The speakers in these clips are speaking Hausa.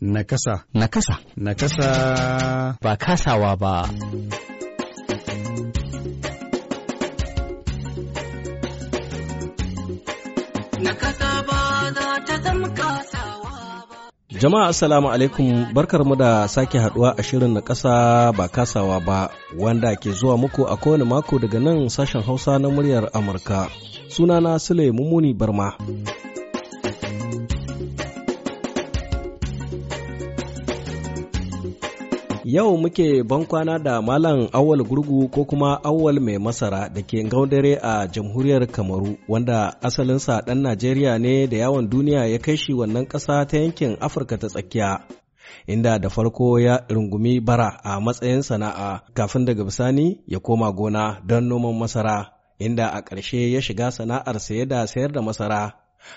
Nakasa. Nakasa. Nakasa. Ba kasawa ba. ba ba. ta kasawa Jama'a Assalamu alaikum barkar mu da sake haduwa a shirin na kasa ba kasawa ba wanda ke zuwa muku a kowane mako daga nan sashen Hausa na muryar Amurka. Sunana Sule Mumuni Barma. Yau muke bankwana da Malam Awal Gurgu ko kuma Awal Mai Masara da ke gaudare a jamhuriyar Kamaru wanda asalinsa ɗan Najeriya ne da yawon duniya ya kai shi wannan ƙasa ta yankin Afirka ta tsakiya. Inda da farko ya rungumi bara a matsayin sana'a kafin daga bisani ya koma gona don noman masara, inda a ƙarshe ya shiga sana'ar saye da sayar da masara,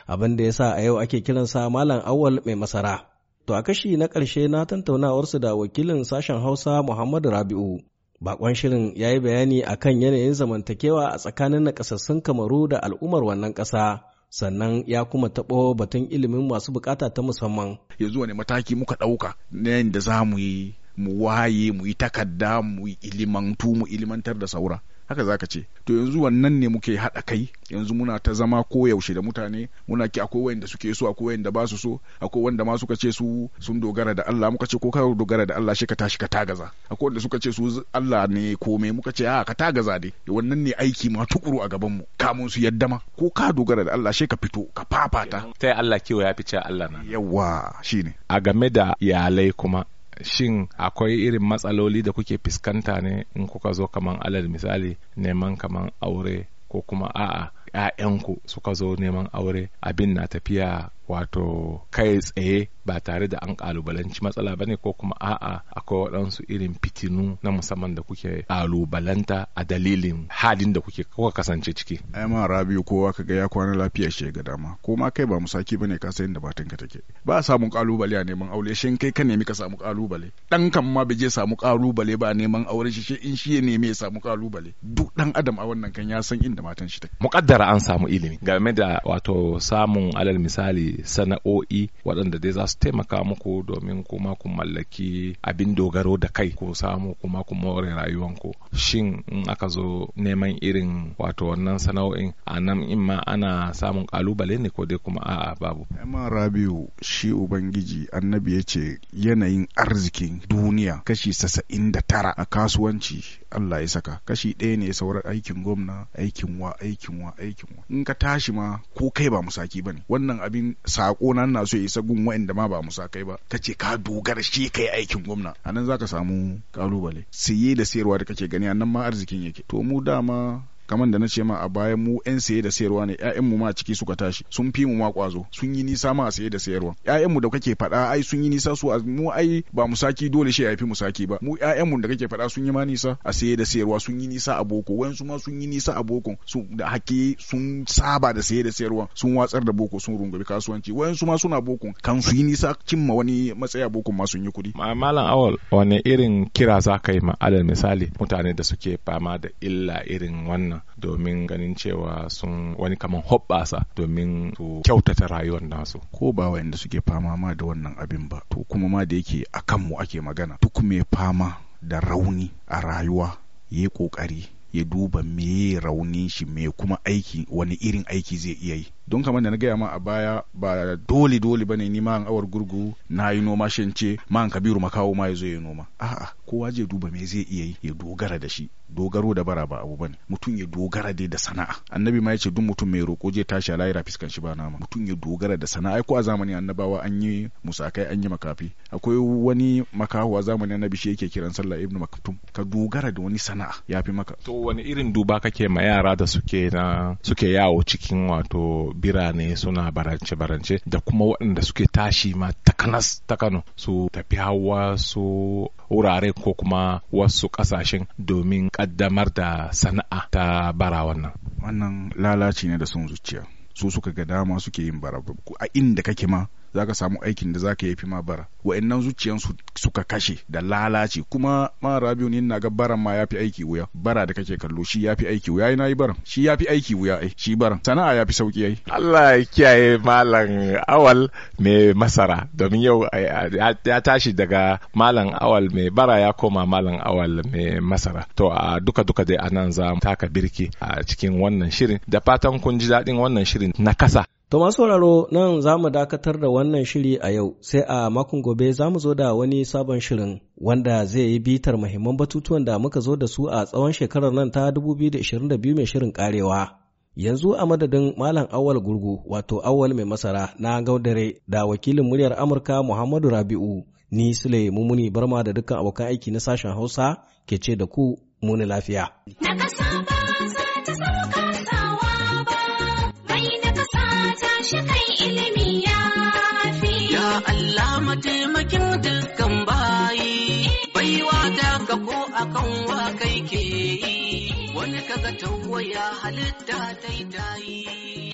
abin da ya sa a yau ake kiransa Malam Awal Mai Masara. To a kashi na ƙarshe na tantaunawarsu da wakilin sashen Hausa Muhammadu Rabi'u. Bakon shirin ya yi bayani a kan yanayin zamantakewa a tsakanin nakasassun kamaru da al'ummar wannan ƙasa. sannan ya kuma taɓo batun ilimin masu bukata ta musamman. Yanzu wane mataki muka ɗauka na yadda za mu yi mu waye mu yi takarda mu yi ilimantu mu ilimantar da saura haka zaka ce to yanzu wannan ne muke haɗa kai yanzu muna ta zama ko yaushe da mutane muna ki akwai wanda suke so akwai wanda ba su so akwai wanda ma suka ce su sun dogara da Allah muka ce ko ka dogara da Allah shi ka tashi ka tagaza akwai wanda suka ce su Allah ne kome muka ce a ka tagaza dai wannan ne aiki ma tukuru a gaban mu kamun su yadda ma ko ka dogara da Allah shi ka fito ka fafata ta Allah kiwo ya fice Allah na yawa shine a game da iyalai kuma shin akwai irin matsaloli da kuke fuskanta ne in kuka zo kaman alal misali neman kaman aure ko kuma a'a ‘ya'yanku suka zo neman aure abin na tafiya wato kai tsaye ba tare da an kalubalanci matsala bane ko kuma a'a akwai waɗansu irin fitinu na musamman da kuke kalubalanta a dalilin halin da kuke kuka kasance ciki. Ai ma Rabiu kowa kaga ya kwana lafiya shi ga dama ko ma kai ba musaki bane ka san da ka take. Ba samun kalubale a neman aure shin kai ka nemi ka samu kalubale. Dan kan ma bai je samu kalubale ba neman aure shi in shi ya nemi ya samu kalubale. Duk dan adam a wannan kan ya san inda matan shi take. Muƙaddara an samu ilimi game da wato samun alal misali sana'o'i waɗanda dai za su taimaka muku domin kuma ku mallaki abin dogaro da kai ku samu kuma ku more rayuwanku shin in aka zo neman irin wato wannan sana'o'in a nan in ma ana samun kalubale ne ko dai kuma a babu amma rabiu shi ubangiji annabi ya ce yanayin arzikin duniya kashi sasa'in da tara a kasuwanci Allah ya saka kashi ɗaya ne sauran aikin gwamna aikin wa aikin wa aikin wa in ka tashi ma ko kai ba musaki bane wannan abin sako nan na so ya isa gun wa'anda ma ba kai ba Ka ce ka dogara shi kai aikin gwamna anan ka samu kalubale siye da siyarwa da kake gani anan ma arzikin yake to mu dama kamar da na ce ma a baya mu 'yan saye da sayarwa ne mu ma ciki suka tashi sun fi mu ma kwazo sun yi nisa ma a saye da sayarwa mu da kake faɗa ai sun yi nisa su mu ai ba mu saki dole shi ya fi mu saki ba mu mu da kake faɗa sun yi ma nisa a saye da sayarwa sun yi nisa a boko su ma sun yi nisa a boko su da hake sun saba da saye da sayarwa sun watsar da boko sun rungumi kasuwanci su ma suna boko kan su yi nisa cimma wani matsaya boko ma sun yi kuɗi malam awal wani irin kira za ka yi ma misali mutane da suke fama da illa irin wannan domin ganin cewa sun wani kaman hoɓɓasa domin su kyautata rayuwar nasu ko ba wayanda suke fama ma da wannan abin ba to kuma ma da yake akan mu ake magana duk mai fama da rauni a rayuwa yayi kokari ya duba me raunin shi me kuma aiki wani irin aiki zai iya yi don kamar da na gaya ma a baya ba dole dole bane ni ma an awar gurgu na yi noma shi ce ma kabiru makawo ma ya zo ya noma a'a kowa je duba me zai iya yi ya dogara da shi dogaro da bara ba abu bane mutum ya dogara dai da sana'a annabi ma yace duk mutum mai roko zai tashi a lahira fiskan shi ba nama mutum ya dogara da sana'a ko a zamanin annabawa an yi musakai an yi makafi akwai wani makaho a zamanin annabi shi yake kiran sallah ibnu maktum ka dogara da wani sana'a yafi maka to wani irin duba kake ma yara da suke na suke yawo cikin wato birane suna barance-barance da kuma waɗanda suke tashi ma takanas ta Kano su tafi hawa su wurare ko kuma wasu ƙasashen domin ƙaddamar da sana'a ta bara wannan. Wannan lalaci ne da son zuciya. Su suka ga dama suke yin bara a inda kake ma za ka samu aikin da za ka yi fi ma bara wa'annan zuciyansu suka kashe da lalace kuma ma rabiu ni na ga baran ma ya fi aiki wuya bara da kake kallo shi ya fi aiki wuya na yi baran shi ya fi aiki wuya ai shi baran sana'a ya fi sauki ai Allah ya kiyaye malam awal mai masara domin yau ya tashi daga malam awal mai bara ya koma malam awal mai masara to a duka duka dai anan za mu taka birki a cikin wannan shirin da fatan kun ji daɗin wannan shirin na kasa To masu sauraro nan za mu dakatar da wannan shiri a yau sai a makon gobe za mu zo da wani sabon shirin wanda zai yi bitar mahimman batutuwan da muka zo da su a tsawon shekarar nan ta 2022 mai shirin karewa. Yanzu a madadin Malam Awal Gurgu wato Awal mai masara na gaudare da wakilin muryar Amurka Muhammadu Rabi'u ni Sule Mumuni Barma da dukkan abokan aiki na sashen Hausa ke ce da ku muni lafiya. kai ilimi ya fi. Ya Allah mataimakin dukkan bayi, baiwa da ka ko akan wa kai ke yi, wani kaga tawaya halitta ta yi.